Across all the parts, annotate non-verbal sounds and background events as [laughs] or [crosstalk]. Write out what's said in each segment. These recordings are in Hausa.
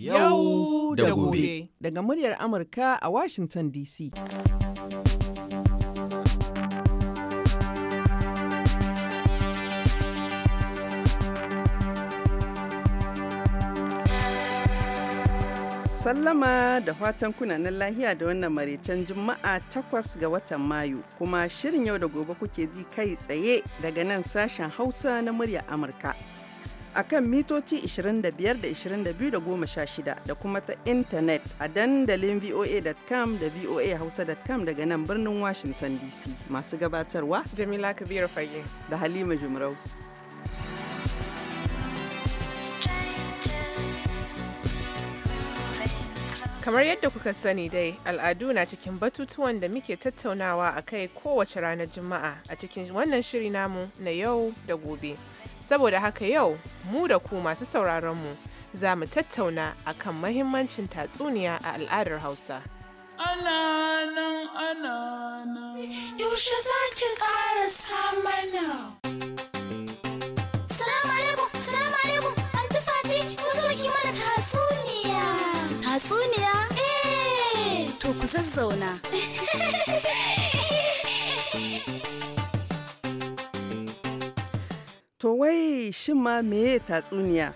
yau da gobe daga muryar amurka a washington dc sallama da fatan kunanan lahiya da wannan maraicen juma'a takwas ga watan mayu kuma shirin yau da gobe kuke ji kai tsaye daga nan sashen hausa na muryar amurka akan mitoci 25 da 22 da da kuma ta intanet a dandalin voa.com da voahausa.com daga nan birnin Washington DC. Masu gabatarwa Jamila Kabiru Fage da Halima Jumrau. Kamar yadda kuka sani dai, al'adu na cikin batutuwan da muke tattaunawa a kai kowace ranar Juma'a a cikin wannan shiri namu na yau da gobe. Saboda haka yau mu da ku masu sauraronmu za mu tattauna akan mahimmancin tatsuniya a al'adar Hausa. Ana nan ana nan. Yaushe za ki ƙara samana? Salamu alaikum, salamu alaikum, Anti Fati, mun zo ki mana tatsuniya. Tatsuniya? Eh, to ku zazzauna. [laughs] To wai shin ma meye tatsuniya?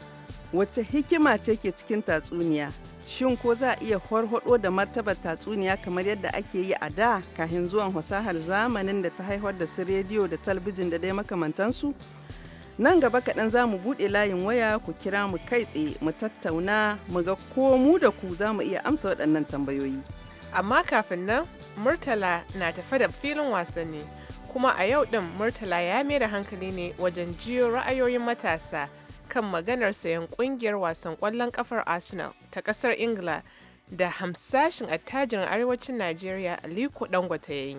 Wacce hikima ce ke cikin tatsuniya? Shin ko za a iya horhoɗo da martabar tatsuniya kamar yadda ake yi a da kahin zuwan fasahar zamanin da ta haifar da su rediyo da talbijin da dai makamantansu? Nan gaba kaɗan za mu buɗe layin waya ku kira mu kai tsaye mu tattauna mu ga ko mu da ku za mu iya amsa waɗannan tambayoyi. Amma kafin nan Murtala na tafa da filin wasanni. kuma a yau din murtala ya mai da hankali ne wajen jiyo ra'ayoyin matasa kan maganar sayan kungiyar wasan kwallon kafar arsenal ta kasar ingila da hamsashin attajirin arewacin najeriya aliko dangote ya yi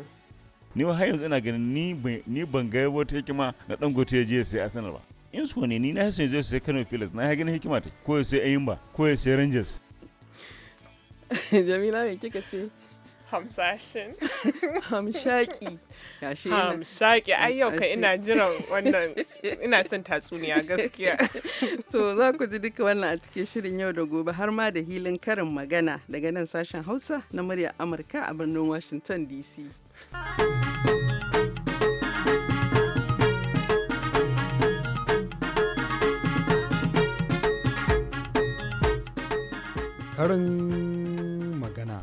ni ba yanzu ina ganin ni ban ga wata hikima na dangote ya je sai arsenal ba in so ne ni na sai zai sai kano pilas na ganin hikima ta ko ya sai ayimba ko ya sai rangers [laughs] jamila mai kika ce hamsashin [laughs] hamshaki hamshaki ai yau ka ina jiran wannan [laughs] ina son tatsuniya gaskiya [laughs] to za ku ji duka wannan a cikin shirin yau da gobe har ma da hilin karin magana daga nan sashen hausa na muryar amurka a birnin washington dc karin magana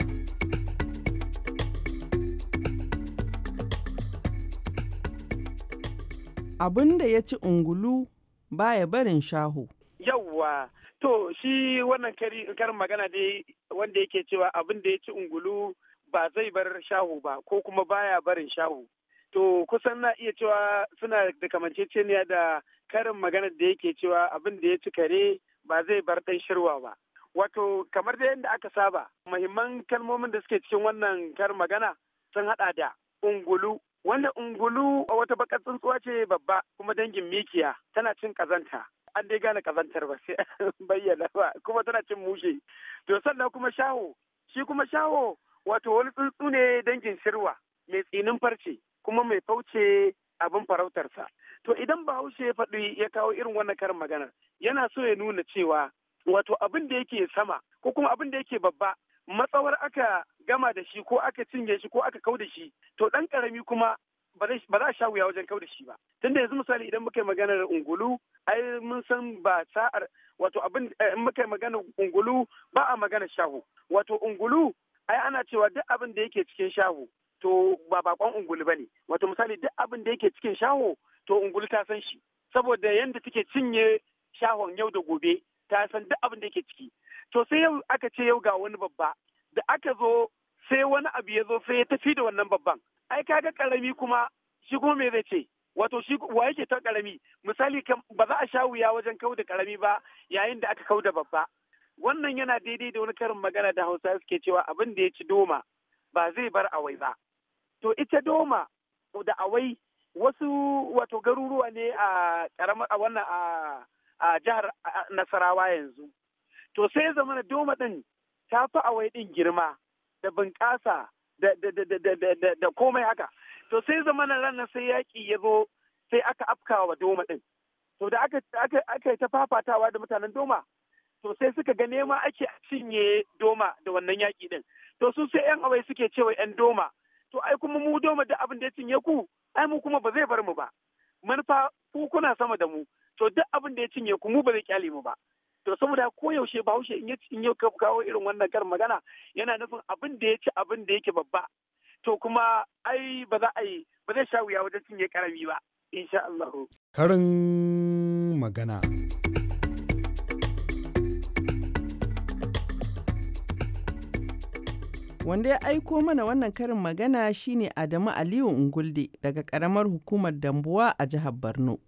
Abin da ya ci ungulu baya barin shaho. Yawwa, to shi wannan karin magana dai wanda yake cewa abin da ya ci ungulu ba zai bar shaho ba ko kuma baya barin shaho. To kusan na iya cewa suna da kamanceceniya da karin magana da yake cewa abin da ya ci kare ba zai bar ɗan shirwa ba. Wato kamar da yadda aka saba, muhimman kalmomin da suke cikin wannan karin magana sun haɗa da ungulu Wanda ungulu a wata bakar tsuntsuwa ce babba kuma dangin mikiya tana cin kazanta. An dai gane kazantar ba sai [laughs] bayyana ba kuma tana cin mushe. To sannan kuma shaho shi kuma shaho wato wani tsuntsu ne dangin shirwa mai tsinin farce kuma mai fauce abin farautarsa. To idan Bahaushe ya faɗi ya kawo irin wannan karin magana, yana so ya nuna cewa wato abin da yake sama ko kuma abin da yake babba matsawar aka gama da shi ko aka cinye shi ko aka kau da shi to dan karami kuma ba za a sha wuya wajen kau da shi ba tunda yanzu misali idan muka yi maganar ungulu ai mun san ba sa'ar wato abin eh, in muka yi maganar ungulu ba a maganar shahu wato ungulu ai ana cewa duk abin da yake cikin shahu to ba bakon ungulu bane wato misali duk abin da yake cikin shahu to ungulu ta san shi saboda yanda take cinye shahon yau da gobe ta san duk abin da yake ciki to sai yau aka ce yau ga wani babba da aka zo sai wani abu ya zo sai ya tafi da wannan babban ai kaga karami kuma shi kuma me zai ce wato shi wa yake ta karami misali ba za a sha wuya wajen kau da karami ba yayin da aka kau da babba wannan yana daidai da wani karin magana da hausa suke cewa abin da ya ci doma ba zai bar awai ba to ita doma da awai wasu wato garuruwa ne a karamar a wannan a jihar nasarawa yanzu to sai zama na doma ɗin ta fi awai ɗin girma da bunƙasa da komai haka to sai zama na ranar sai yaƙi ya zo sai aka afkawa doma ɗin to da aka yi ta fafatawa da mutanen doma to sai suka ga nema ake cinye doma da wannan yaƙi ɗin to su sai yan awai suke cewa yan doma to ai kuma mu doma da abin da ya cinye ku ai mu kuma ba zai bar mu ba manufa ku kuna sama da mu to duk abin da ya cinye ku mu ba zai kyale mu ba to saboda koyaushe bahaushe in ya kawo irin wannan karin magana yana nufin abin da ya ci abin da yake babba to kuma ai ba za a yi ba zai sha wuya wajen cinye karami ba insha Allah karin magana Wanda ya aiko mana wannan karin magana shine Adamu Aliyu Ungulde daga ƙaramar hukumar Dambuwa a jihar Borno.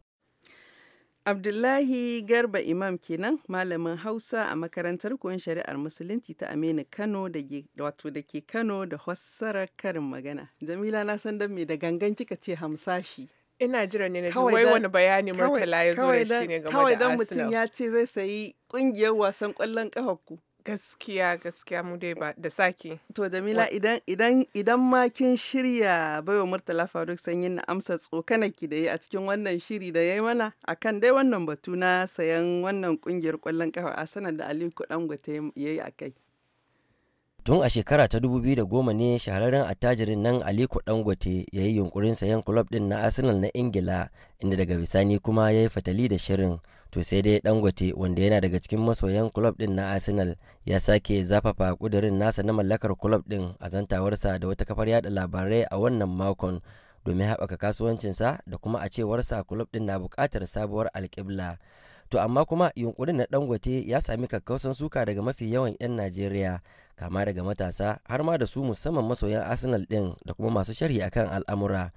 Abdullahi Garba Imam kenan malamin Hausa a makarantar koyon shari'ar Musulunci ta Aminu Kano da wato da ke Kano da fassarar karin magana. Jamila na san dan me da gangan kika ce hamsashi. Ina jira ne na ji wai wani bayani Murtala ya zo da shi ne game da Arsenal. Kawai dan mutum ya ce zai sayi kungiyar wasan kwallon kafa ku. gaskiya gaskiya mu dai ba da sake. to Jamila idan idan idan ma kin shirya baiwa murtala faruk sanyin na amsa tsokanaki da yi a cikin wannan shiri da yayi mana akan dai wannan batu na sayan wannan kungiyar kwallon kafa a sanar da aliko dangote yayi kai. tun a shekara ta 2010 ne shahararren attajirin nan aliko dangote ya yi yunkurin sayan kulob din na arsenal na ingila inda daga bisani kuma ya yi fatali da shirin to sai dai dangote wanda yana daga cikin masoyan kulob din na arsenal ya sake zafafa kudirin nasa na mallakar kulob din a zantawarsa da wata kafar yada labarai a wannan makon domin haɓaka kasuwancinsa da kuma a cewarsa kulob din na buƙatar sabuwar alƙibla to amma kuma yunkurin na dangote ya sami kakkausan suka daga mafi yawan 'yan najeriya kama daga matasa har ma da su musamman masoyan arsenal din da kuma masu sharhi akan al'amura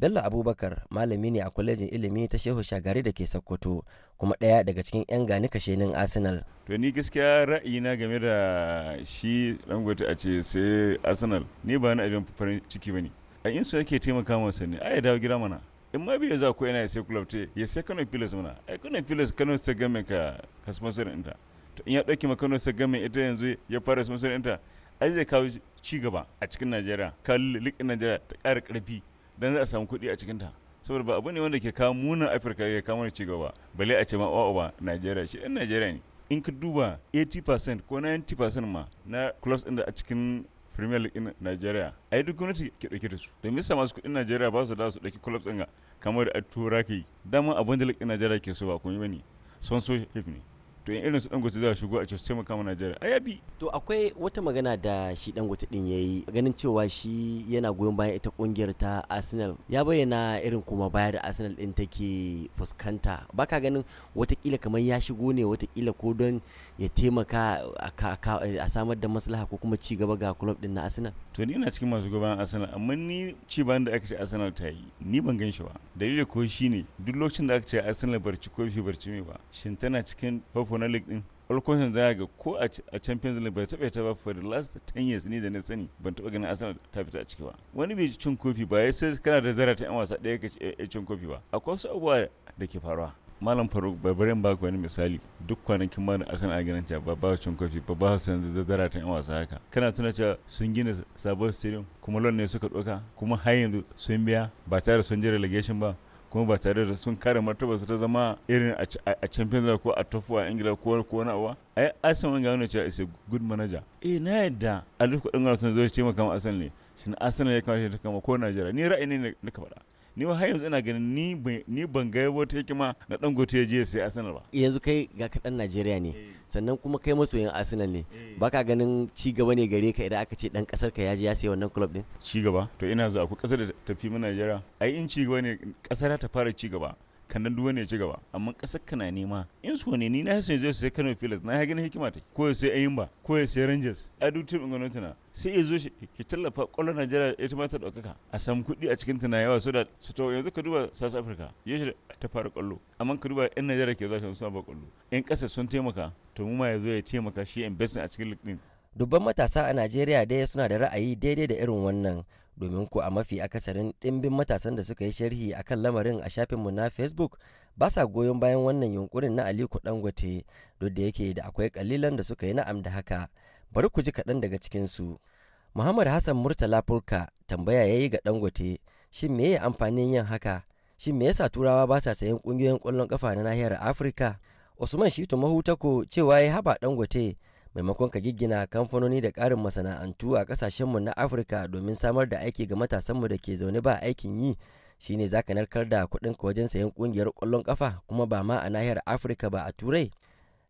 bello abubakar malami ne a kwalejin ilimi ta shehu shagari da ke sokoto kuma ɗaya daga cikin 'yan gani kashenin arsenal to ni gaskiya ra'ayina game da shi dangote a ce sai arsenal ni ba na abin farin ciki ba ne a su yake taimaka masa ne a ya dawo gida mana in ma biyu za ku yana sai club te ya sai Kano Pilas mana ai Kano Pilas Kano sai game ka ka sponsor inta to in ya dauki ma Kano sai game ita yanzu ya fara sponsor ɗinta ai zai kawo ci gaba a cikin Najeriya kawo likin Najeriya ta ƙara ƙarfi dan za a samu kuɗi a cikin ta saboda ba abu ne wanda ke kawo munan Afirka ya kawo ci gaba bale a ce ma o'o ba Najeriya shi in Najeriya ne in ka duba 80% ko 90% ma na clubs ɗin a cikin premier league in nigeria ai duk gwamnati ke dauke da su domin sa masu kudin nigeria ba su da su dauki clubs din kamar da tura ke dama abin da league in nigeria ke so ba kun yi bane sponsorship ne to in irin su dangote za shigo a cikin taimaka ma Najeriya ai bi to akwai wata magana da shi dangote din yayi ganin cewa shi yana goyon bayan ita kungiyar ta Arsenal ya bayyana irin kuma bayar da Arsenal din take fuskanta baka ganin watakila kamar ya shigo ne watakila ko don ya taimaka a samar da maslaha ko kuma ci gaba ga club din na Arsenal? To ni ina cikin masu gaban Arsenal amma ni ci bayan da aka ce Arsenal ta yi ni ban gan shi ba. Dalilin ko ne duk lokacin da aka ce Arsenal barci kofi barci mai ba shin tana cikin Hope na League din alkwashin za ga ko a champions league bai taɓa ta ba for the last 10 years ni da na sani ban taɓa ganin arsenal ta fita a ciki ba wani bai cin kofi ba ya sai kana da zara ta yan wasa ɗaya ka cin kofi ba akwai wasu abubuwa da ke faruwa malam faruk babarin ba ku wani misali duk kwanakin ma da asan aganin ta ba ba cin kofi ba ba su yanzu zazzara ta yan wasa haka kana tuna cewa sun gina sabon stadium kuma lon ne suka doka kuma har yanzu sun biya ba tare da sun je relegation ba kuma ba tare da sun kare martaba su ta zama irin a champions league ko a tofu a ingila ko wani uwa ai asan wani gano cewa is a good manager eh na yadda a duk kudin gwamnati sun zo shi taimaka kama asan ne shin asan ya shi ta kama ko najeriya ni ra'ayi ne na ka faɗa ni har yanzu ina ganin ni ban ga wata hikima na dangote ya je sai arsenal ba yanzu kai ga kaɗan najeriya ne sannan kuma kai masoyin arsenal ne baka ganin ci gaba ne gare ka idan aka ce dan kasar ka ya je ya sayi wannan club din ci gaba to ina zuwa ku kasar da tafi mu najeriya ai in ci gaba ne kasar ta fara ci gaba kannan duk wani ya ci gaba amma ƙasar kana nema in so ne ni na hasan zai sai Kano filas na ganin hikima ta ko ya sai Ayimba ko ya sai Rangers a duk team ɗin gwamnati na sai ya zo shi tallafa ƙwallon Najeriya ita ma ta ɗaukaka a sam kuɗi a cikin tana yawa so da su to yanzu ka duba South Africa ya shi ta fara ƙwallo amma ka duba 'yan Najeriya ke zuwa suna ba ƙwallo 'yan ƙasa sun taimaka to mu ma ya zo ya taimaka shi investing a cikin dubban matasa a najeriya dai suna da ra'ayi daidai da irin wannan domin ko a mafi akasarin ɗimbin matasan da suka yi sharhi a kan lamarin a shafinmu na facebook ba sa goyon bayan wannan yunkurin na aliko dangote duk da yake da akwai kalilan da suka yi na'am da haka bari ku ji kaɗan daga cikinsu muhammad hassan murtala furka tambaya ya yi ga dangote shin me ya amfanin yin haka shin me yasa turawa ba sa sayan ƙungiyoyin ƙwallon ƙafa na nahiyar afirka usman shitu mahutako cewa ya haba dangote maimakon ka giggina kamfanoni da ƙarin masana'antu a ƙasashenmu na afirka domin samar da aiki ga matasanmu da ke zaune ba aikin yi shine za ka narkar da kuɗin ka wajen sayan ƙungiyar ƙwallon ƙafa kuma ba ma a nahiyar afirka ba a turai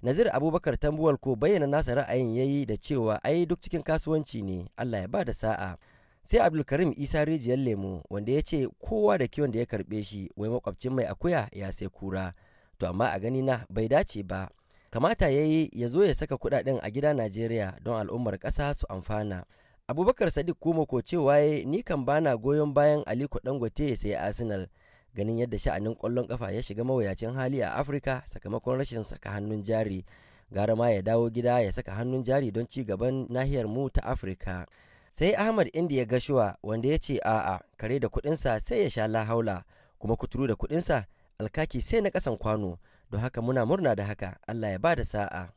nazir abubakar tambuwal ko bayyana nasa ra'ayin yayi da cewa ai duk cikin kasuwanci ne allah ya ba da sa'a sai abdulkarim isa rijiyar lemo wanda ya ce kowa da kiwon da ya karɓe shi wai makwabcin mai akuya ya sai kura to amma a gani na bai dace ba kamata ya yi ya zo ya saka kudaden a gida najeriya don al'ummar ƙasa su amfana abubakar sadiq kuma ko cewa ya ni kan bana goyon bayan aliko dangote ya sayi arsenal ganin yadda sha'anin kwallon kafa ya shiga mawuyacin hali a afirka sakamakon rashin saka hannun jari gara ma ya dawo gida ya saka hannun jari don ci gaban nahiyar mu ta afirka sai ahmad indiya gashuwa wanda ya ce a'a kare da kudinsa sai ya sha lahaula kuma kuturu da kudinsa alkaki sai na kasan kwano don haka muna murna da haka Allah ya ba da sa'a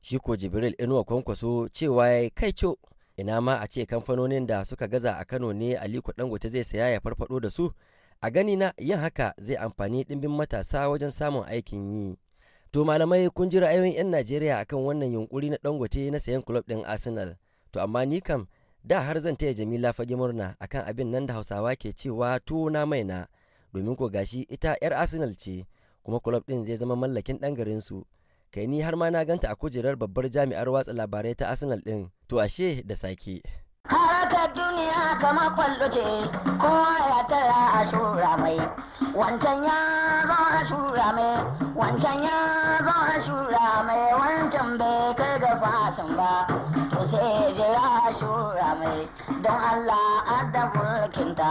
shi ko jibril inuwa kwankwaso cewa ya kai co ina ma a ce kamfanonin da suka gaza a kano ne aliko dangote zai saya ya farfado da su a gani na yin haka zai amfani ɗimbin matasa wajen samun aikin yi to malamai kun ji ra'ayoyin 'yan najeriya akan wannan yunkuri na dangote na sayan kulob ɗin arsenal to amma ni kam da har zan taya jamila fage murna akan abin nan da hausawa ke cewa tuwo na na domin ko gashi ita 'yar arsenal ce kuma kulob ɗin zai zama mallakin ɗan garinsu kai ni har ma na ganta a kujerar babbar jami'ar watsa labarai ta arsenal ɗin to ashe da sake haka duniya kamar kwallo ce kowa ya tara a shura mai wancan ya zo a shura mai wancan ya zo a shura mai wancan bai kai ga fasin ba to sai je ya shura mai don allah adda mulkinta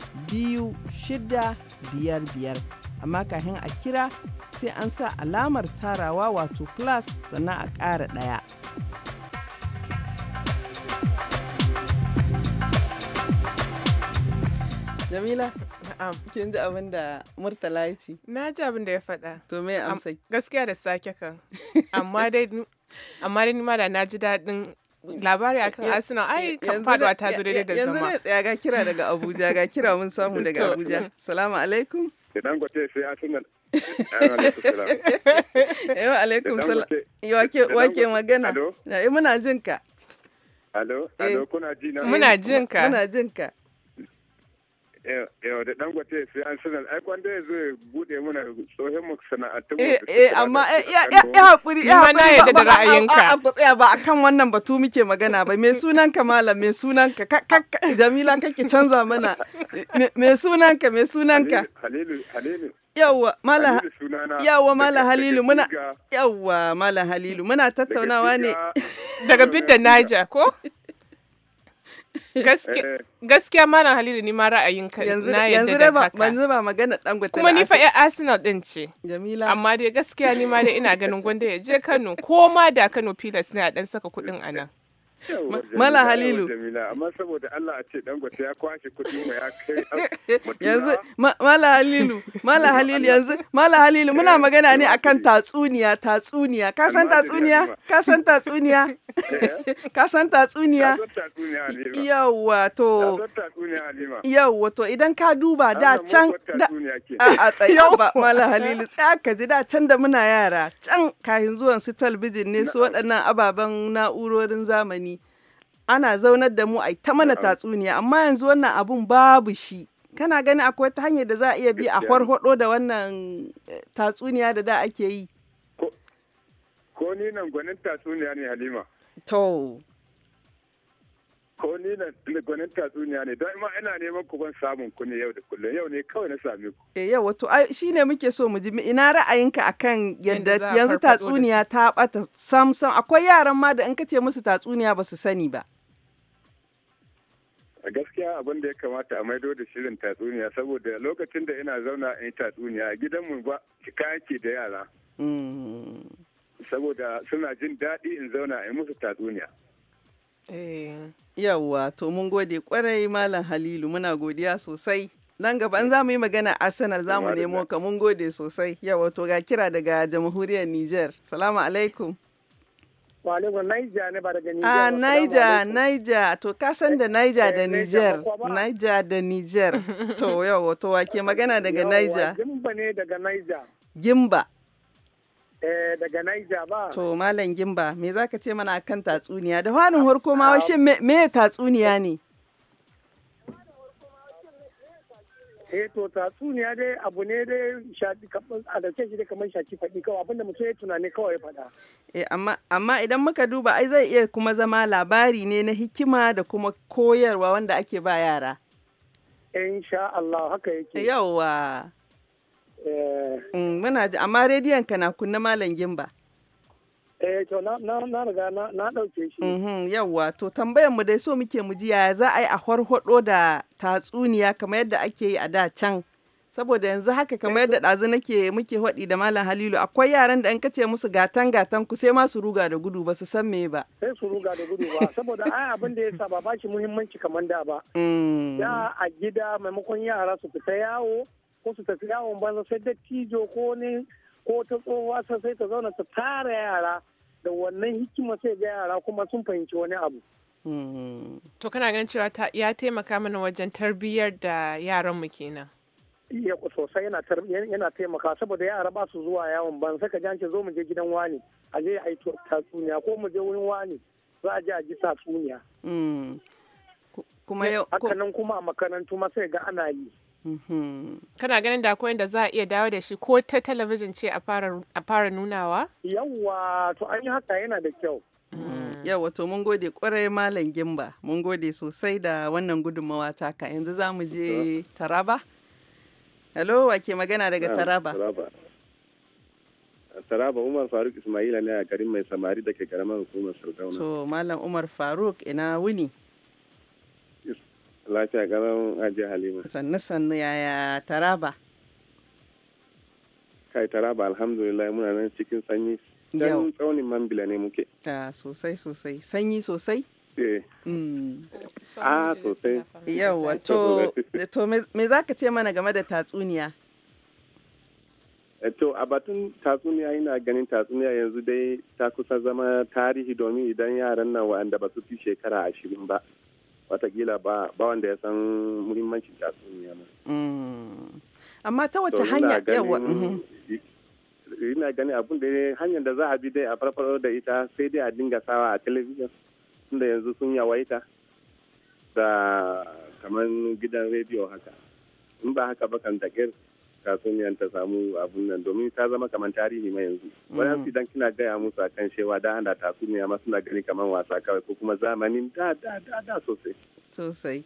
biyu shida biyar biyar amma kafin a kira sai an sa alamar tarawa wato plus sannan a ƙara ɗaya. Jamila, na'am, kin ji abin da Murtala ya ce? Na ji abin da ya faɗa. To me amsa? Gaskiya da sake kan. Amma dai amma dai ni ma da na ji daɗin labari a kan Arsenal ai kan faduwa ta zo daidai da zama. Yanzu ne tsaya ga kira daga Abuja ga kira mun samu [laughs] daga Abuja. Salamu alaikum. Idan gote sai Arsenal. Yawa [laughs] alaikum eh, salam. Wake magana. Alo. Eh, muna jin Alo, alo eh. kuna ji na. Muna jinka Muna jinka yau eh, eh, da dangote sai an sanar ai da zai bude mana tsohon mu sana'atun mu eh, eh amma eh hakuri eh hakuri ba da ra'ayinka an tsaya ba akan wannan batu muke magana ba me sunan ka malam me sunan ka jamila kake canza mana me sunan ka me sunan ka halilu halilu yawwa mala yawwa mala halilu muna yawwa mala halilu muna tattaunawa ne daga bidda naija ko [laughs] Eh. gaskiya malam halilu ni ma ra'ayin ka na yanzu da ba yanzu ba magana gwata kuma ni fa ya arsenal din ce jamila amma dai gaskiya ni ma dai ina ganin gwanda ya je kano ko ma da kano pilas na dan saka kudin a nan Mala Halilu. Amma saboda Allah a ce gwata ya kwashe kudi mai ya kai [laughs] Yanzu Mala Halilu, malam Halilu yanzu Mala Halilu muna eh, magana ne akan tatsuniya, tatsuniya. Ka san tatsuniya? Ka san tatsuniya? [laughs] [laughs] ka san tatsuniya yawwa to yawwa to idan ka duba da can a tsaye [laughs] ba mala halilu tsaya ka ji da can da muna yara can kahin zuwan su talbijin ne su waɗannan ababen na'urorin zamani ana zaunar da mu a ta mana tatsuniya amma yanzu wannan abun babu shi kana gani akwai ta hanyar da za a iya bi a farfado da wannan eh, tatsuniya da da ake yi ko ni nan gwanin tatsuniya ne halima To. Ko ni na gwanin tatsuniya ne, don ma ina neman ku ban samun ku ne yau da kullum, yau ne kawai na same ku. Eh yau wato shi ne muke so mu ji ina ra'ayinka akan yadda yanzu tatsuniya ta ɓata sam akwai yaran ma da in ka ce musu tatsuniya ba su sani ba. a gaskiya abin da ya kamata a maido da shirin tatsuniya saboda lokacin da ina zauna in yi tatsuniya a gidanmu ba cika yake da yara mm. saboda suna jin daɗi in zauna in musu tatsuniya. Eh. Yawwa, to mun gode kwarai Malam Halilu muna godiya sosai. Nan an za mu yi magana Arsenal za mu nemo ka mun gode sosai. Yawwa, to ga kira daga jamhuriyar Nijar. Salamu alaikum. Wa Niger ne ba daga ah, to ka san da Niger eh, da Nijar. Niger da Nijar. [laughs] To yawwa, to wa ke magana daga Niger. Gimba ne daga Niger. Gimba. Eh, daga Naija ba. To, Malam Gimba, me za ka ce mana akan tatsuniya? Da hannun harko ma washe me tatsuniya ne? eh to tatsuniya dai abu ne dai shafi a dauke shi dai kamar shaki faɗi kawai abinda mutum ya tunani kawai faɗa. Eh amma amma idan muka duba ai zai iya kuma zama labari ne na hikima da kuma koyarwa wanda ake ba yara. Insha Allah haka yake. Yawwa. Eh. Mm, muna ji, amma rediyon ka na kunna Malam Gimba. Eh, to na riga na ɗauke shi. Mhm, Yawwa, to tambayar mu dai so muke mu ji yaya za a yi a horhoɗo da tatsuniya kamar yadda ake yi a da can. Saboda yanzu haka kamar yadda ɗazu nake muke haɗi da Malam Halilu akwai yaran da an kace musu gatan gatan ku sai ma su ruga da gudu ba su san me ba. Sai su ruga da gudu ba saboda ai abin da ya saba ba ba shi muhimmanci kamar da ba. Da mm. a gida maimakon yara su fita yawo. ko su tafi yawon banza sai dattijo ko ne ko ta tsohuwa sai ta zauna ta tara yara da wannan hikima sai ga yara kuma sun fahimci wani abu. Mm-hmm. To kana gan cewa ya taimaka mana wajen tarbiyyar da yaran mu kenan. Iya sosai yana taimaka saboda yara ba su zuwa yawon ban saka janke zo mu je gidan wani a je a yi tatsuniya ko mu je wurin wani za a je a ji tatsuniya. Mm. Kuma yau. Hakanan kuma a makarantu ma sai ga ana yi. Kana ganin da akwai da za a iya dawo da shi ko ta talabijin ce a fara nunawa? Yawwa, to an yi haka yana da kyau. Mm. Yawwa, to mun gode kwarai Malam Gimba, mun gode sosai da wannan gudunmawa taka. Yanzu za mu je Taraba? Hello, wake magana daga Taraba. Taraba Umar Faruk Ismaila ne a garin mai samari da ke karamar hukumar Sardauna. To, Malam Umar Faruk ina wuni. Lafiya ganin Hajiya Halima. Sannu sannu yaya Taraba? Kai Taraba alhamdulillah muna nan cikin sanyi. yau tsaunin Mambila ne muke. Ta sosai sosai. Sanyi sosai? Eh. Hmm. Ah sosai. wato to me za ka ce mana game da tatsuniya? Eh, to a batun tatsuniya ina ganin tatsuniya yanzu dai ta kusa zama tarihi domin idan yaran nan wa'anda ba su fi shekara ashirin ba watakila ba wanda ya san muhimmancin tatsuniya ma. Mm. Amma ta wace hanya yawa? Mhm. Ina gani abun da hanyar da za a bi dai a farfaro da ita sai dai a dinga sawa a talabijin tunda yanzu sun yawaita da kamar gidan rediyo haka. In ba haka ba kan da tatsuniyar ta samu abun nan domin ta zama kamar tarihi mai yanzu su mm. idan kina gaya musu akan shewa da ana tatsuniya ma suna gani kamar wasa kawai ko kuma zamanin da da da da sosai sosai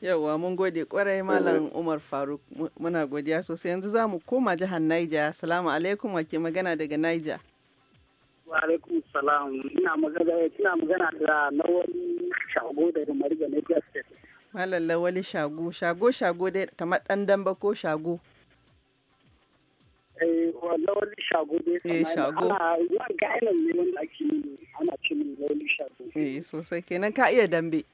yauwa mun gode kwarai malam eh. umar faruk muna godiya sosai yanzu za mu koma jihar naija salamu alaikum wake magana daga naija wa alaikum salam ina magana ina magana da nawali shago daga state malam lawali shago shago shago dai kamar ɗan damba ko shago lawali eh, eh, shago dai shago ga ainihin ne wanda ake ana ce min lawali shago eh sosai kenan ka iya dambe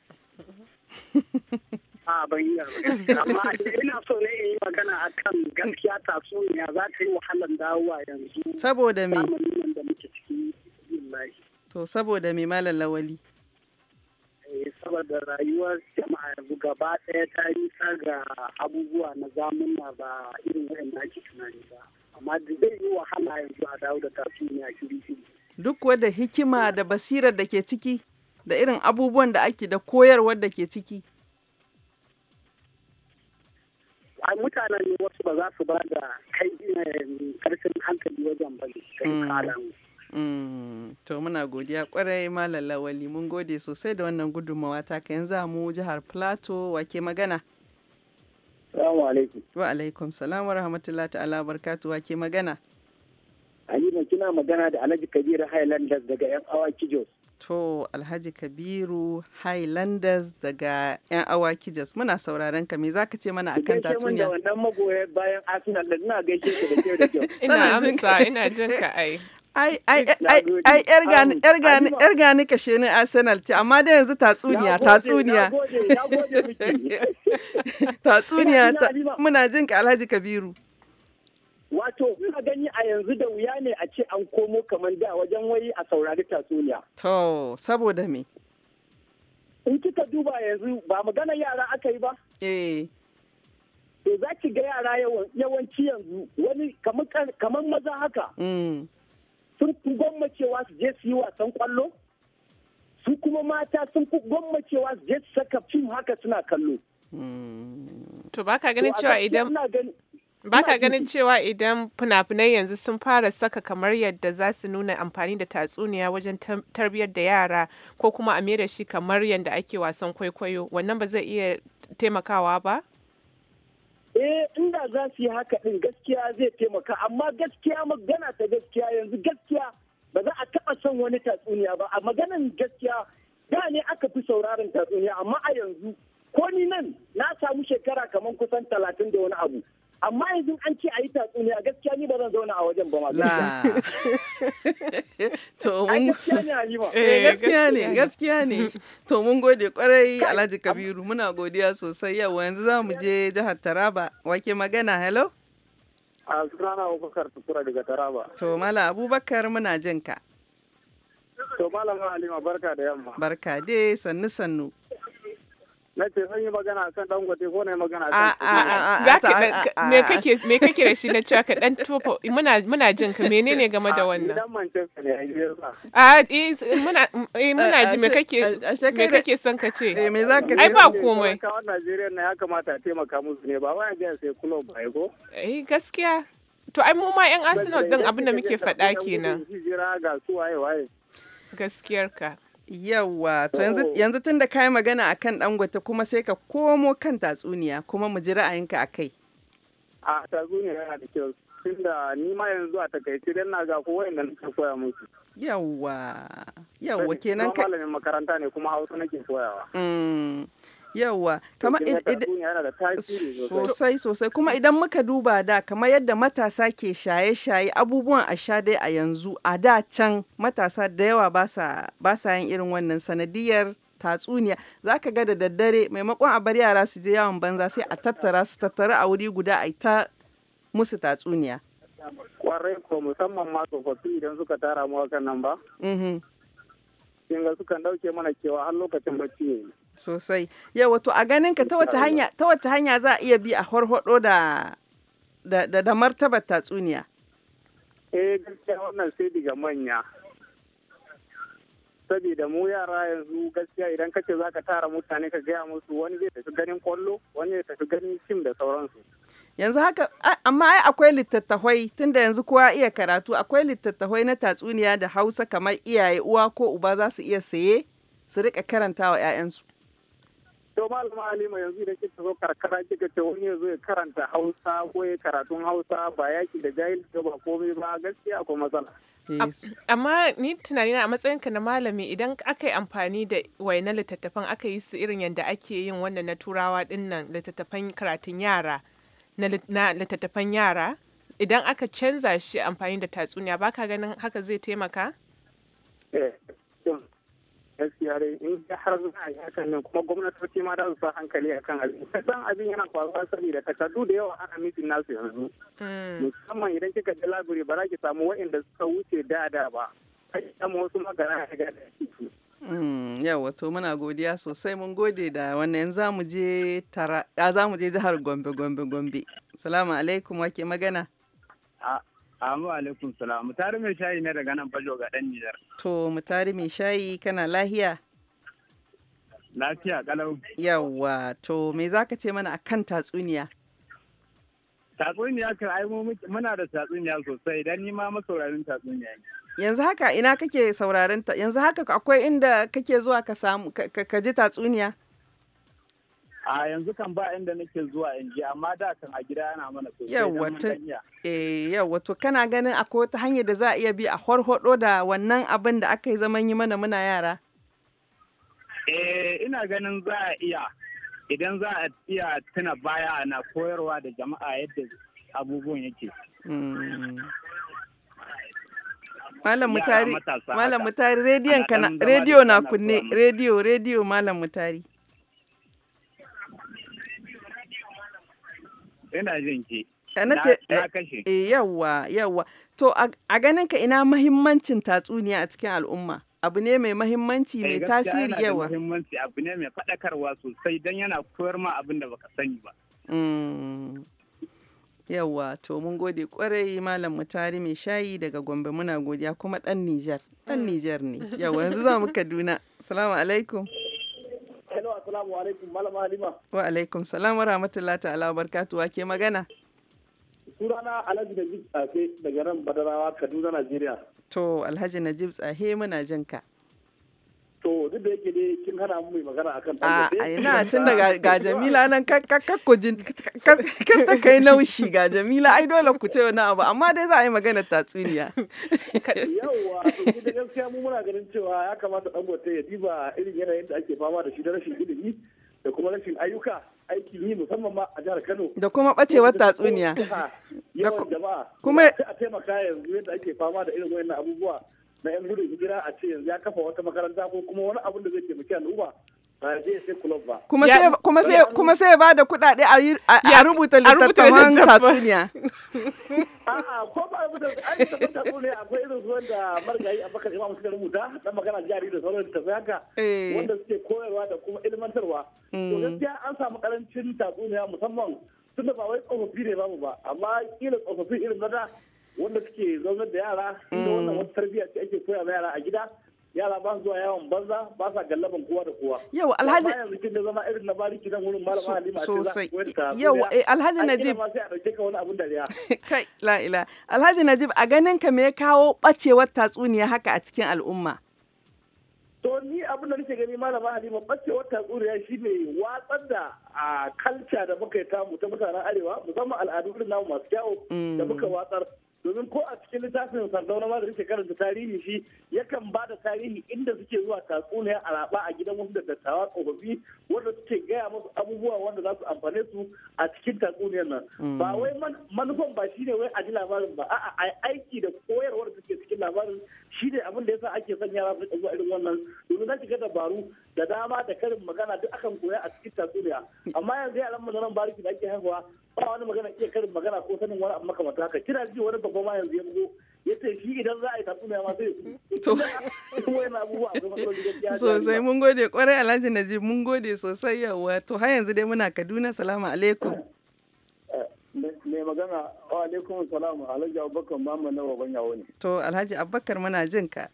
a [laughs] ah, ban yi amma ina so ne in yi magana a kan gaskiya tatsuniya za ta yi wahalar dawowa yanzu saboda me da muke ciki to saboda me malam lawali eh, saboda rayuwar jama'a yanzu gaba ɗaya ta yi ga abubuwa na zamuna ba irin wa'in da ake tunani ba amma zai yi wahala yanzu a dawo da tatsuniya shiri shiri duk wadda hikima da basirar da ke ciki da irin abubuwan da ake da koyarwar da ke ciki a mutanen ne wasu ba za su ba da kai karfin eh, hankali wajen ba mm. mm. To muna godiya kwarai Malam Lawali mun gode sosai da wannan gudunmawa ta yanzu mu jihar Plateau wake magana. Assalamu alaikum. Wa alaikum salam wa rahmatullahi ta'ala barkatuwa ke magana. Halima kina magana da Alhaji Kabiru Highlanders daga yan awaki To Alhaji Kabiru Highlanders daga yan awa Jos muna sauraron ka me zaka ce mana akan tatuniya. bayan Arsenal da ina gaishe [laughs] Ina amsa ina jin ai. Ai, ai, ai, gani kashe ni Arsenal ce, amma da yanzu tatsuniya, tatsuniya. [laughs] Tatsuniya, muna jin ka Alhaji Kabiru. Wato, ina gani a yanzu da wuya ne a ce an komo kamar da wajen wai a saurari tatsuniya. To, saboda me? In kika duba yanzu ba magana yara aka yi ba? Eh. To za ki ga yara yawanci yanzu wani kamar maza haka. Mm. sun fi gwammacewa su je su yi wasan kwallo su kuma mata sun fi gwammacewa su je su saka fim haka suna kallo hmm. to baka ganin cewa idan baka ganin cewa idan fina-finai yanzu sun fara saka kamar yadda za su nuna amfani da tatsuniya wajen tarbiyyar da yara ko kuma a da shi kamar yadda ake wasan kwaikwayo wannan ba zai iya taimakawa ba eh inda za su yi haka din gaskiya zai taimaka amma gaskiya magana ta gaskiya yanzu gaskiya ba za a taɓa son wani tatsuniya ba a maganan gaskiya da ne aka fi sauraron tatsuniya amma a yanzu ko ni nan na samu shekara kamar kusan talatin da wani abu amma yanzu an ce a yi tatsuniya gaskiya ni ba zan zauna a wajen ba ma [laughs] to mun gaskiya eh, eh, ne gaskiya ne to mun gode kwarai Alhaji Kabiru muna godiya sosai yau yanzu za mu je jihar Taraba wake magana hello a sunana Abubakar Tukura daga Taraba to mala Abubakar muna jinka. to mala Halima barka da yamma barka dai sannu sannu na ce zan yi magana kan dangote ko na da shi na cewa ka dan tofa muna jin ka menene game da wannan a muna muna me kake me son ka ce ai ba komai taimaka musu ne gaskiya to ai mu ma yan Arsenal din abin da muke faɗa kenan gaskiyar ka Yawwa, to yanzu tun da kayi magana a kan dangote kuma sai ka komo kan tatsuniya kuma mu ji ra'ayinka a kai. A tatsuniya yana da kyau. tunda ni ma yanzu a takaice dan na ga kowa inda nake koya musu. Yawwa. Yawwa kenan ka malamin makaranta ne kuma Hausa nake koyawa. Mm. yawa kama sosai sosai kuma idan muka duba da kamar yadda matasa ke shaye-shaye abubuwan a sha dai a yanzu a da can matasa da yawa ba sa yin irin wannan sanadiyar tatsuniya za ka ga da daddare maimakon a bar yara su je yawon banza sai a tattara su tattara a wuri guda a ta musu tatsuniya kwarai ko musamman ma tsofaffi idan suka tara mu nan ba mm-hmm. kin sukan dauke mana cewa har lokacin bacci ne Sosai. Yawa to a ganin ka ta wata hanya za a iya bi a horhodo da da da, da martabar tatsuniya. Eh gaskiya wannan sai daga manya. saboda mu yara yanzu gaskiya idan kace za ka tara mutane ka gaya musu wani zai tafi ganin kwallo wani zai tafi ganin fim da sauransu yanzu haka amma ai akwai littattafai tunda yanzu kowa iya karatu akwai littattafai na tatsuniya da hausa kamar iyaye uwa ko uba za su iya saye su rika karanta wa 'ya'yansu to malama alima yanzu idan kika zo karkara kika ce wani yazo ya karanta hausa ko ya karatun hausa ba yaki da jahil ba komai ba gaskiya ko matsala amma ni tunani na a matsayin ka na malami idan aka yi amfani da waina littattafan aka yi su irin yadda ake yin wannan na turawa dinnan littattafan karatun yara na littattafan yara idan aka canza shi amfani da tatsuniya baka ganin haka zai taimaka eh, gaskiya in ya har za a yi hakan nan kuma gwamnatoci ma da su sa hankali a kan abin san abin yana faruwa saboda takardu da yawa ana mitin nasu yanzu mm. musamman idan kika je labiri ba za ki samu waɗanda suka wuce da da ba kai samu wasu magana ga da mm, Yawwa to muna godiya sosai mun gode da wannan yanzu za mu je tara ah, za mu je jihar Gombe Gombe Gombe salamu alaikum wake magana ah, Amu alaikum salam. Mutari mai shayi ne daga nan Bajo ga ɗan Nijar. To mutari mai shayi kana lahiya? Lafiya kalau. Yawwa to me za ka ce mana akan tatsuniya? Tatsuniya kan ai muna da tatsuniya sosai dan ni ma masaurarin tatsuniya ne. Yanzu haka ina kake sauraron ta yanzu haka akwai inda kake zuwa ka samu ka ji tatsuniya? a yanzu kan ba inda nake zuwa in ji amma da kan a gida yana mana sosai eh yawa wato kana ganin akwai wata hanyar da za a iya bi a horhodo da wannan abin da aka yi zaman yi mana muna yara eh ina ganin za a iya idan za a iya tuna baya ana koyarwa da jama'a yadda abubuwan yake mm. Malam Mutari, Malam Mutari, rediyon na kunne, rediyo, rediyo, Malam Mutari. yana jin ki eh, na ce, eh, eh, yawa yawa to a ganin ka ina mahimmancin tatsuniya a cikin al'umma abu ne mai mahimmanci mai tasiri yawa mahimmanci abu ne mai faɗakarwa sosai don yana koyar ma abin da baka sani ba mm. yawa to mun gode kwarai malam mutari mai shayi daga gombe muna godiya kuma ɗan nijar dan mm. nijar ne [laughs] yawa yanzu za mu kaduna salamu alaikum Assalamu alaikum malama Halima. Wa alaikum salam wa rahmatullahi ta'ala barkatuwa ke magana. Sunana Alhaji Najib Tsafe daga ran Badarawa Kaduna Najeriya. To Alhaji Najib Tsafe muna jinka to duk da yake dai kin hana mu magana akan tangace a ah, ina tun da ga Jamila nan kakku jin kan ta kai naushi ga Jamila ai dole ku ce wani abu amma dai za a yi magana tatsuniya yawa to da gaskiya mu muna ganin cewa ya kamata dan gote ya diba irin yanayin da ake fama da shi da rashin ilimi da kuma rashin ayyuka aikin yi musamman ma a jihar Kano. Da kuma bacewar tatsuniya. Yawan Kuma a taimaka yanzu yadda ake fama da irin wayannan abubuwa na yan gudun hijira a ce ya kafa wata makaranta ko kuma wani abin da zai taimaki al'umma ba zai sai kulob ba kuma sai ya ba da kuɗaɗe a rubuta littattafan tatsuniya [laughs] a'a ko ba a rubuta littattafan tafi tatsuniya akwai irin su wanda margayi bakar imamu suka rubuta dan magana jari da sauran tafi haka eh. wanda suke koyarwa da kuma ilmantarwa to mm. gaskiya an samu karancin tatsuniya musamman tunda ba wai tsofaffi ne babu ba amma kila tsofaffi irin na da wanda suke zaunar da yara inda wannan mm. wata tarbiyya ce ake koya ma yara a gida yara ba zuwa yawon banza ba sa gallaban kowa da kowa yau alhaji ba yanzu kin da zama irin na kidan wurin malama halima ce za ku koyarta yau eh, alhaji najib ma sai a dauke ka wani abun dariya [laughs] kai la ila alhaji najib a ganin ka me ya kawo bacewar tatsuniya haka a cikin al'umma to ni abin da nake gani malama halima bacewar tatsuniya shine watsar da a kalca da muka yi tamu ta mutanen arewa musamman al'adu irin namu masu kyau. Mm. da muka watsar domin ko a cikin littafin sardauna ma da karanta tarihi shi yakan ba da tarihi inda suke zuwa tatsuniyar alaba a gidan wasu da dattawa tsofaffi wanda suke gaya masu abubuwa wanda za su amfane su a cikin tatsuniyar nan hmm. ba wai manufan ba shine wai a ji labarin ba a'a a aiki da koyarwar da suke cikin labarin shine abin da yasa ake son yara su zuwa irin wannan domin za ki ga dabaru da dama da karin magana duk akan koya a cikin tatsuniya amma yanzu ya mu nan bariki da ake haihuwa ba wani magana iya karin magana ko sanin wani abu makamanta haka kina ji wani babba ma yanzu ya bugo ya ce shi idan za a yi tatsuniya ma sai to sosai mun gode kwarai alhaji naji mun gode sosai yawa to har yanzu dai muna kaduna salamu alaikum eh, mai magana wa alaikum salamu alhaji abubakar mamman na waban yawo ne to alhaji abubakar muna jin ka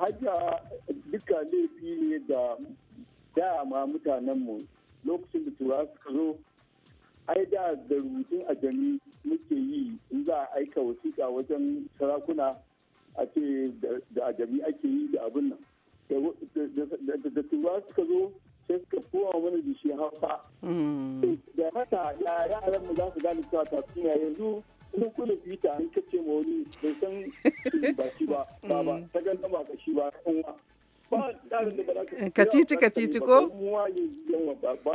hajja duka laifi ne da dama mutanenmu lokacin da turawa suka zo ai da da rubutun ajami muke yi in za a aika wasiƙa wajen sarakuna a ce da ajami ake yi da abin nan da turawa suka zo sai suka kowa wani da shi hafa hmm. da haka yaran mu za su gane cewa tafiya yanzu kuma kula bita an kace ma wani bai san [laughs] ba ba mm. ba ta eh, ba ba kan wa ba da ba ka ko ba ba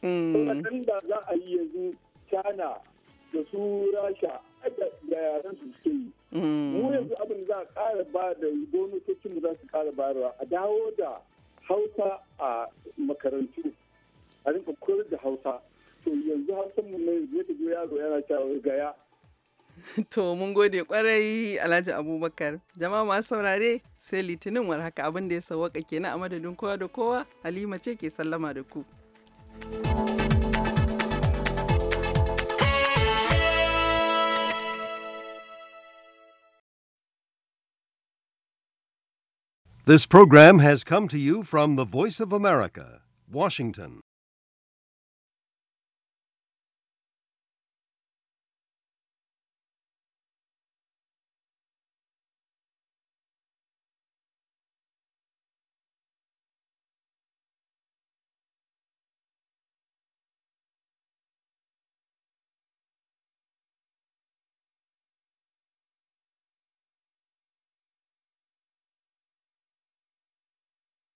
kuma da za a yi yanzu china da su rasha da yaran su suke yi mm. mu yanzu abin za a ba da gwamnatocin mu za su kara bayarwa a dawo da hausa a makarantu a rinka koyar da hausa to yanzu Hausa mu ne zai ta yaro yana cewa gaya [laughs] to mun gode kwarai Alhaji Abubakar. Jama'a masu saurare sai litinin war haka abin da ya sawaka kenan a madadin kowa da kowa Halima ce ke sallama da ku. This program has come to you from the Voice of America, Washington.